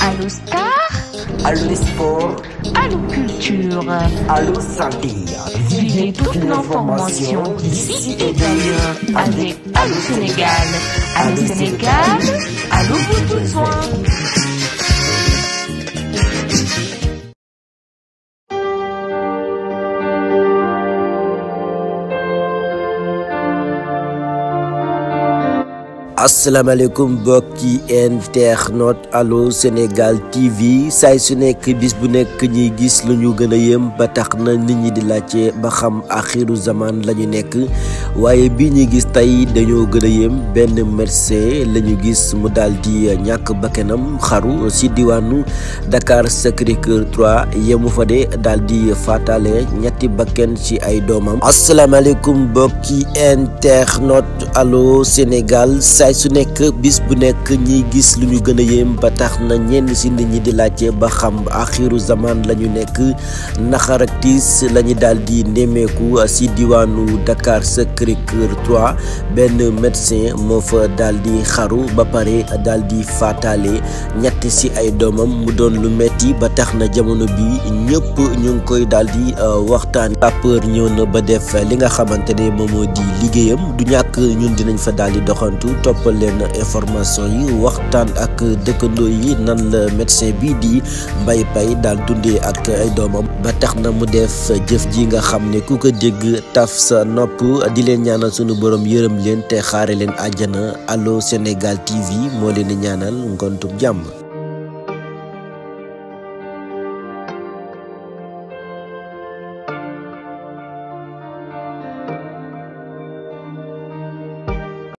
Allô Star Allô Sport Allô Culture Allô Santé Vivez toute l'information d'ici et d'ailleurs avec Allô Sénégal Allô Sénégal asalaamaaleykum bokki internaute Allô Sénégal TV saay su nekk bis bu nekk ñuy gis lu ñu gën a yëm ba tax na nit ñi di laajte ba xam axiru zaman la ñu nekk waaye bi ñu gis tey dañoo gën a yëm benn médecin la ñu gis mu daal di ñàkk bakkanam xaru ci diwaanu Dakar Sacré-Cœur 3 yemu fa de daal di faataale ñetti bakkan ci ay doomam asalaamaaleykum bokki internaute Allô Sénégal. saay su nekk bis bu nekk ñi gis lu ñu gën a yéem ba tax na ñenn si nit ñi di laajte ba xam axiru zaman lañu nekk naxar ak tiis la daal di nemmeeku si diwaanu Dakar Sacré-Cœur 3 benn médecin moo fa daal di xaru ba pare daal di faataale ñett si ay doomam mu doon lu metti ba tax na jamono bi ñëpp ñu ngi koy daal di euh, waxtaan rappeur ñëw na ba def li nga xamante ne moom di liggéeyam du ñàkk ñun dinañ fa daal di doxantu toppal leen information yi waxtaan ak dëkkandoo yi nan la médecin bii di Mbaye Paye daal dundee ak ay doomam ba tax na mu def jëf ji nga xam ne ku ko dégg taf sa nopp di leen ñaanal sunu borom yërëm leen te xaare leen àjjana Allô Sénégal TV moo leen di ñaanal ngontum jàmm